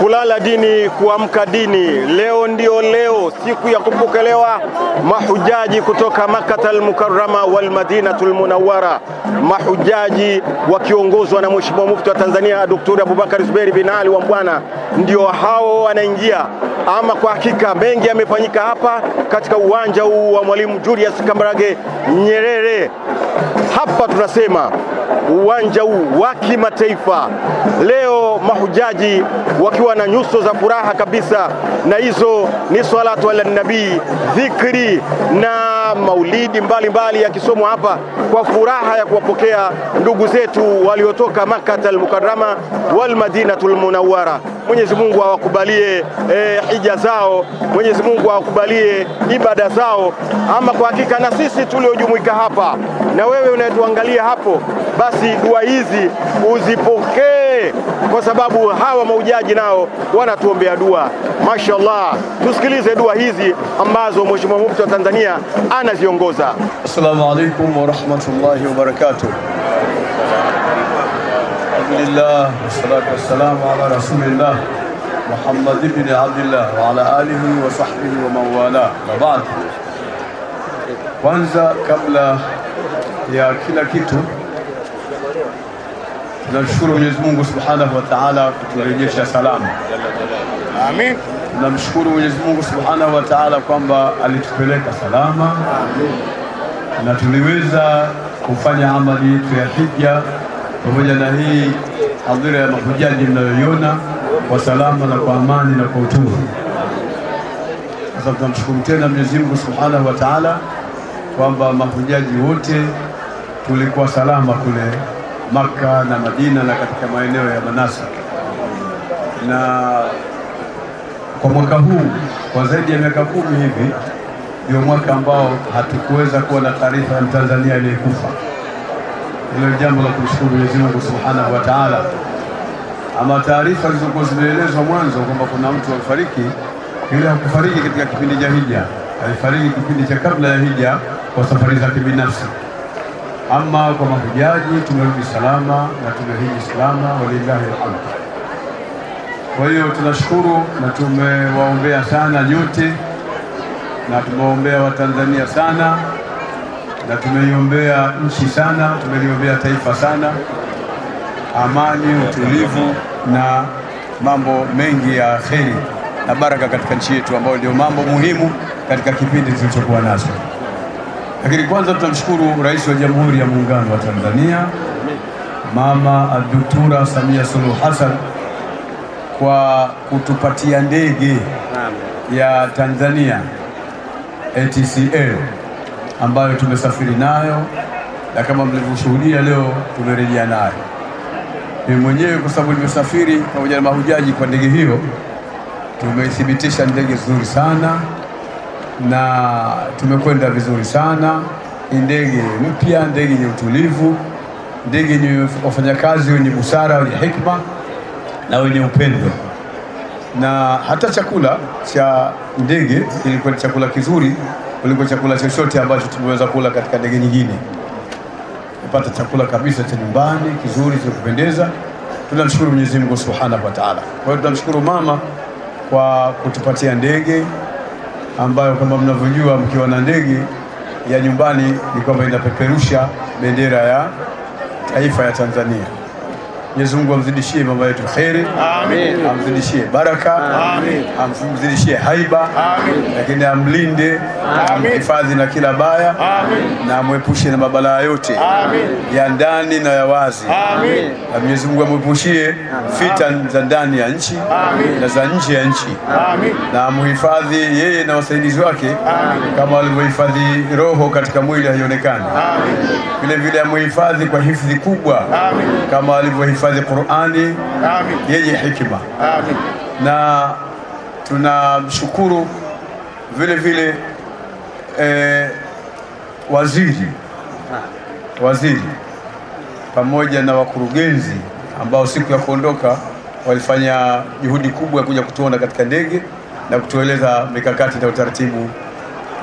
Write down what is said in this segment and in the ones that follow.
kulala dini, kuamka dini. Leo ndio leo, siku ya kupokelewa mahujaji kutoka al Mukarrama wal al Munawwara, mahujaji wakiongozwa na Mheshimiwa Mufti wa Tanzania Daktari Abubakar Zuberi bin Ali wa Mbwana, ndio hao wanaingia. Ama kwa hakika mengi yamefanyika hapa katika uwanja huu wa Mwalimu Julius Kambarage Nyerere. Hapa tunasema uwanja huu wa kimataifa leo mahujaji wakiwa na nyuso za furaha kabisa, na hizo ni salatu ala nabii, dhikri na maulidi mbalimbali yakisomwa hapa kwa furaha ya kuwapokea ndugu zetu waliotoka al Mukarrama wal Madinatul Munawwara. Mwenyezi Mungu awakubalie e, hija zao. Mwenyezi Mungu awakubalie ibada zao. Ama kwa hakika na sisi tuliojumuika hapa na wewe unayetuangalia hapo, basi dua hizi uzipokee tuombe, kwa sababu hawa maujaji nao wanatuombea dua. Mashallah, tusikilize dua hizi ambazo Mheshimiwa Mufti wa Tanzania anaziongoza. Assalamu alaikum warahmatullahi wabarakatuh. Alhamdulillah wassalatu wassalamu ala rasulillah Muhammad ibn Abdullah wa ala alihi wa sahbihi wa mawala wala. Baad, kwanza kabla ya kila kitu Tunamshukuru Mwenyezi Mungu Subhanahu wa Ta'ala kuturejesha salama. Amin. Tunamshukuru Mwenyezi Mungu Subhanahu wa Ta'ala kwamba alitupeleka salama. Amin. Na tuliweza kufanya amali yetu ya hija pamoja na hii hadhira ya mahujaji mnayoiona kwa salama na kwa amani na kwa utulivu. Sasa tunamshukuru tena Mwenyezi Mungu Subhanahu wa Ta'ala kwamba mahujaji wote tulikuwa salama kule Maka na Madina na katika maeneo ya Manasa. Na kwa mwaka huu kwa zaidi ya miaka kumi hivi ndio mwaka ambao hatukuweza kuwa na taarifa ya Mtanzania aliyekufa. Hilo ni jambo la kumshukuru Mwenyezi Mungu Subhanahu wa Ta'ala. Ama taarifa zilizokuwa zimeelezwa mwanzo kwamba kuna mtu alifariki, yule hakufariki katika kipindi cha hija, alifariki kipindi cha kabla ya hija kwa safari zake binafsi. Ama kwa mahujaji tumerudi salama na tumehiji salama, walillahi alhamd. Kwa hiyo tunashukuru na tumewaombea sana nyote na tumewaombea Watanzania sana na tumeiombea nchi sana, tumeliombea taifa sana, amani, utulivu na mambo mengi ya kheri na baraka katika nchi yetu, ambayo ndio mambo muhimu katika kipindi tulichokuwa nacho. Lakini kwanza tunamshukuru Rais wa Jamhuri ya Muungano wa Tanzania Mama Abdutura Samia Suluhu Hassan kwa kutupatia ndege ya Tanzania ATCL ambayo tumesafiri nayo na kama mlivyoshuhudia leo tumerejea nayo. Mimi mwenyewe kwa sababu nimesafiri pamoja na mahujaji kwa ndege hiyo, tumethibitisha ndege nzuri sana na tumekwenda vizuri sana. Ni ndege mpya, ndege yenye utulivu, ndege yenye wafanyakazi wenye busara, wenye hikma na wenye upendo, na hata chakula cha ndege kilikuwa ni chakula kizuri kuliko chakula chochote ambacho tumeweza kula katika ndege nyingine. Tumepata chakula kabisa cha nyumbani kizuri cha kupendeza. Tunamshukuru Mwenyezi Mungu Subhanahu wa Ta'ala. Kwa hiyo tunamshukuru mama kwa kutupatia ndege ambayo kama mnavyojua mkiwa na ndege ya nyumbani ni kwamba inapeperusha bendera ya taifa ya Tanzania. Mwenyezi Mungu amzidishie mama yetu kheri, amin, amzidishie baraka, amin, amzidishie haiba, amin, lakini amlinde, amhifadhi na kila baya, amin, na amwepushe na mabalaa yote, amin, ya ndani na ya wazi, amin, na Mwenyezi Mungu amwepushie fitan za ndani ya nchi na za nje ya nchi, amin, na amhifadhi yeye na wasaidizi wake, amin, kama walivyohifadhi roho katika mwili haionekani, amin, vile vile amhifadhi kwa hifadhi kubwa, amin, kama alivyohifadhi kuhifadhi Qur'ani yenye hikima. Amin. Na tunamshukuru vile vile e, waziri waziri pamoja na wakurugenzi ambao siku ya kuondoka walifanya juhudi kubwa ya kuja kutuona katika ndege na kutueleza mikakati na utaratibu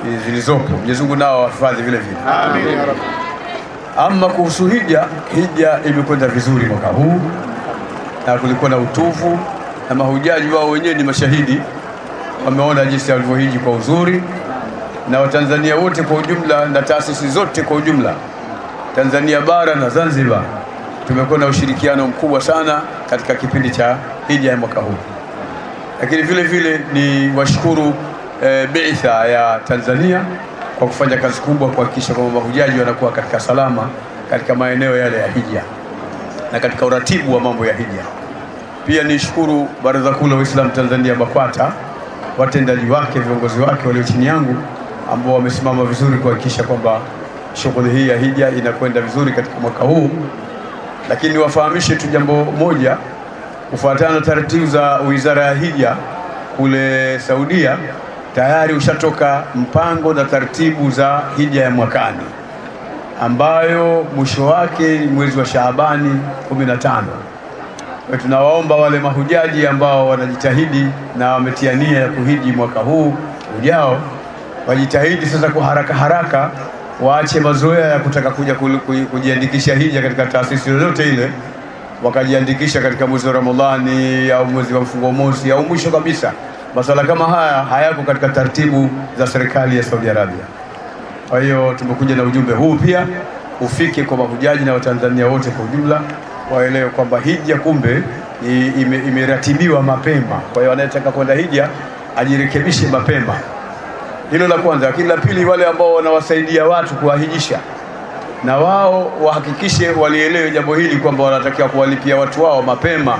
e, zilizopo. Mwenyezi Mungu nao wahifadhi vile vile. Amin ya ama kuhusu hija, hija imekwenda vizuri mwaka huu na kulikuwa na utuvu na mahujaji wao wenyewe ni mashahidi, wameona jinsi walivyohiji kwa uzuri, na Watanzania wote kwa ujumla na taasisi zote kwa ujumla, Tanzania bara na Zanzibar, tumekuwa na ushirikiano mkubwa sana katika kipindi cha hija ya mwaka huu. Lakini vile vile ni washukuru e, Beitha ya Tanzania kwa kufanya kazi kubwa kuhakikisha kwamba mahujaji wanakuwa katika salama katika maeneo yale ya hija na katika uratibu wa mambo ya hija. Pia nishukuru Baraza Kuu la Waislamu Tanzania BAKWATA, watendaji wake, viongozi wake walio chini yangu ambao wamesimama vizuri kuhakikisha kwamba shughuli hii ya hija inakwenda vizuri katika mwaka huu. Lakini wafahamishe tu jambo moja, kufuatana na taratibu za Wizara ya Hija kule Saudia tayari ushatoka mpango na taratibu za hija ya mwakani ambayo mwisho wake ni mwezi wa Shaabani 15. Kwa tunawaomba wale mahujaji ambao wanajitahidi na wametia nia ya kuhiji mwaka huu ujao wajitahidi sasa kwa haraka haraka, waache mazoea ya kutaka kuja kujiandikisha hija katika taasisi yoyote ile, wakajiandikisha katika mwezi wa Ramadhani au mwezi wa mfungo mosi au mwisho kabisa Masuala kama haya hayako katika taratibu za serikali ya Saudi Arabia. Kwa hiyo tumekuja na ujumbe huu pia ufike kwa mahujaji na Watanzania wote kwa ujumla, waelewe kwamba hija kumbe imeratibiwa ime mapema. Kwa hiyo anayetaka kwenda hija ajirekebishe mapema, hilo la kwanza. Lakini la pili, wale ambao wanawasaidia watu kuwahijisha na wao wahakikishe walielewe jambo hili kwamba wanatakiwa kuwalipia watu wao mapema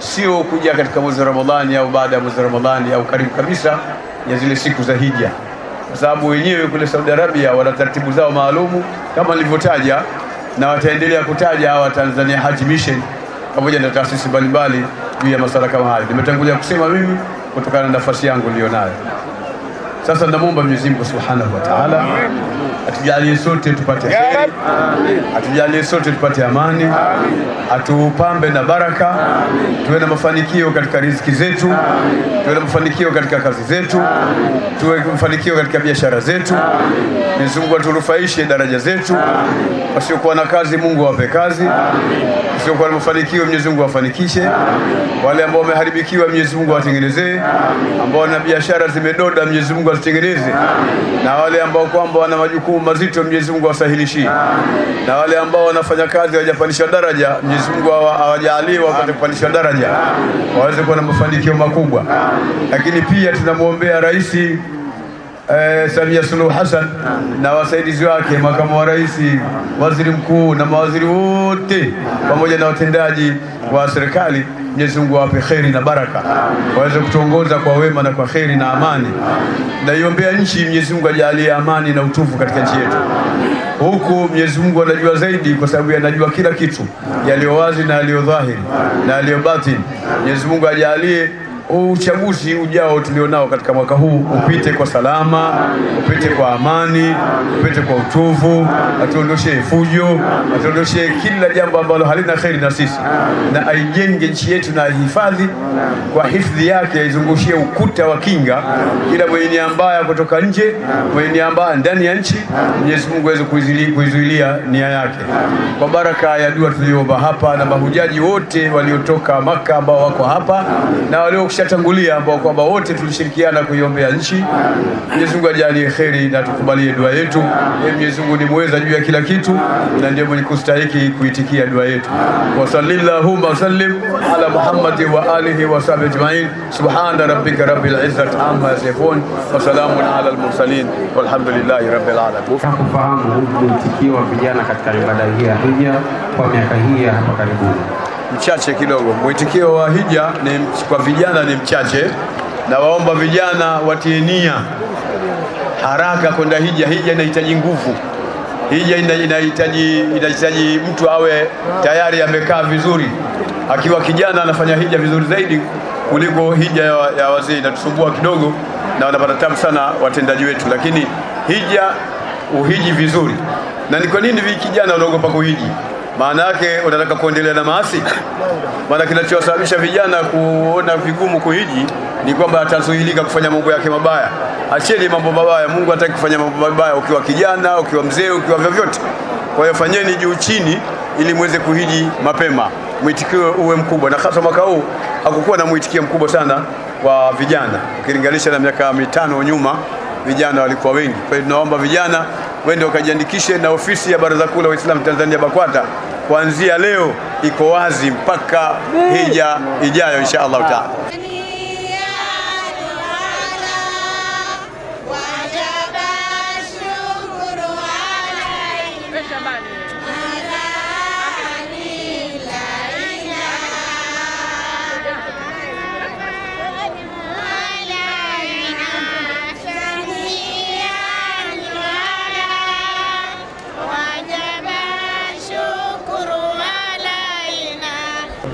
sio kuja katika mwezi wa Ramadhani au baada ya mwezi wa Ramadhani au karibu kabisa ya zile siku za hija, kwa sababu wenyewe kule Saudi Arabia wana taratibu zao maalumu kama nilivyotaja, na wataendelea kutaja hawa Tanzania Hajj Mission pamoja na taasisi mbalimbali juu ya masuala kama hayo. Nimetangulia kusema mimi kutokana na nafasi yangu niliyonayo. Sasa namwomba Mwenyezi Mungu Subhanahu wa Ta'ala atujalie sote tupate heri, atujalie sote tupate amani, atupambe na baraka, tuwe na mafanikio katika riziki zetu, tuwe na mafanikio katika kazi zetu, tuwe na mafanikio katika biashara zetu. Mwenyezi Mungu aturufaishe daraja zetu. Wasiokuwa na kazi, Mungu awape kazi. Wasiokuwa na mafanikio, Mwenyezi Mungu awafanikishe. Wale ambao wameharibikiwa, Mwenyezi Mungu awatengenezee. Ambao na biashara zimedoda, Mwenyezi Mungu azitengeneze, na wale ambao kwamba wana majukumu makuu mazito Mwenyezi Mungu awasahilishie, amen. Na wale ambao wanafanya kazi hawajapandisha daraja, Mwenyezi Mungu awajalie wapate kupandisha daraja, waweze kuwa na mafanikio makubwa. Lakini pia tunamwombea rais Eh, Samia Suluhu Hassan na wasaidizi wake, makamu wa rais, waziri mkuu na mawaziri wote pamoja na watendaji wa serikali. Mwenyezi Mungu awape kheri na baraka, waweze kutuongoza kwa wema na kwa kheri na amani. Naiombea nchi, Mwenyezi Mungu ajalie amani na utufu katika nchi yetu huku. Mwenyezi Mungu anajua zaidi, kwa sababu anajua kila kitu, yaliyo wazi na yaliyo dhahiri na yaliyo batini. Mwenyezi Mungu ajalie uchaguzi ujao tulionao katika mwaka huu upite kwa salama, upite kwa amani, upite kwa utuvu, atuondoshe fujo, atuondoshe kila jambo ambalo halina kheri na sisi, na aijenge nchi yetu na aihifadhi kwa hifadhi yake, aizungushie ukuta wa kinga, kila mwenye nia mbaya kutoka nje, mwenye nia mbaya ndani ya nchi, Mwenyezi Mungu aweze kuizuilia nia yake kwa baraka ya dua tuliyoomba hapa na mahujaji wote waliotoka Maka ambao wako hapa na walio nimeshatangulia ambao kwamba wote tulishirikiana kuiombea nchi. Mwenyezi Mungu ajalie kheri na tukubalie dua yetu. Ee Mwenyezi Mungu ni mweza juu ya kila kitu na ndiye mwenye kustahiki kuitikia dua yetu. wa sallallahu wa sallim ala Muhammad wa alihi wa sahbihi ajma'in. Subhana rabbika rabbil izzati amma yasifun wa salamun ala al mursalin walhamdulillahi rabbil alamin. Kufahamu mwitikio wa vijana katika ibada hii ya hija kwa miaka hii hapa karibuni mchache kidogo. Mwitikio wa hija ni kwa vijana ni mchache, na waomba vijana watie nia haraka kwenda hija. Hija inahitaji nguvu, hija inahitaji inahitaji mtu awe tayari amekaa vizuri. Akiwa kijana anafanya hija vizuri zaidi kuliko hija ya wazee, inatusumbua kidogo na wanapata tabu sana watendaji wetu, lakini hija uhiji vizuri. Na ni kwa nini vijana wanaogopa kuhiji? Maana yake unataka kuendelea na maasi. Maana kinachowasababisha vijana kuona vigumu kuhiji ni kwamba atazuilika kufanya mambo yake mabaya. Acheni mambo mabaya, Mungu hataki kufanya mambo mabaya, ukiwa kijana, ukiwa mzee, ukiwa vyovyote. Kwa hiyo fanyeni juu chini, ili muweze kuhiji mapema, mwitikio uwe mkubwa, na hasa mwaka huu hakukuwa na mwitikio mkubwa sana wa vijana ukilinganisha na miaka mitano nyuma, vijana walikuwa wengi. Kwa hiyo tunaomba vijana wende wakajiandikishe na ofisi ya Baraza Kuu la Waislamu Tanzania BAKWATA kuanzia leo iko wazi mpaka hija ijayo insha Allahu taala. Yaani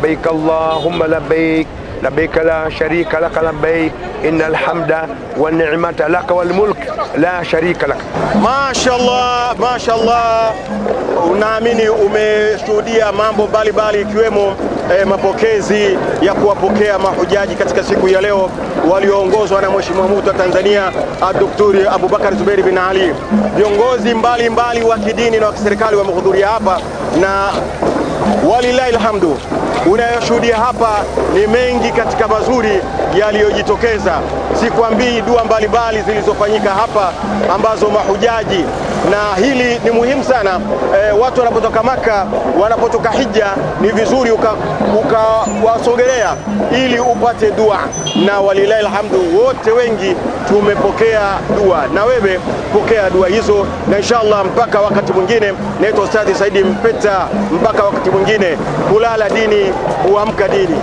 لبيك لبيك لا شريك لك لبيك إن الحمد والنعمة لك والملك لا شريك لك ما شاء الله ما شاء الله unaamini umeshuhudia mambo mbalimbali ikiwemo E, mapokezi ya kuwapokea mahujaji katika siku ya leo walioongozwa na Mheshimiwa Mufti wa Tanzania ah, Daktari Abubakar Zuberi bin Ali. Viongozi mbalimbali wa kidini na wa kiserikali wamehudhuria hapa na Walilahi alhamdu, unayoshuhudia hapa ni mengi katika mazuri yaliyojitokeza. Sikwambii dua mbalimbali zilizofanyika hapa ambazo mahujaji na hili ni muhimu sana e, watu wanapotoka Maka wanapotoka hija ni vizuri ukawasogelea uka ili upate dua, na walilahi alhamdu, wote wengi tumepokea dua, na wewe pokea dua hizo, na inshallah mpaka wakati mwingine. Naitwa Ustadhi Saidi Mpeta, mpaka wakati mwingine. Kulala dini, huamka dini.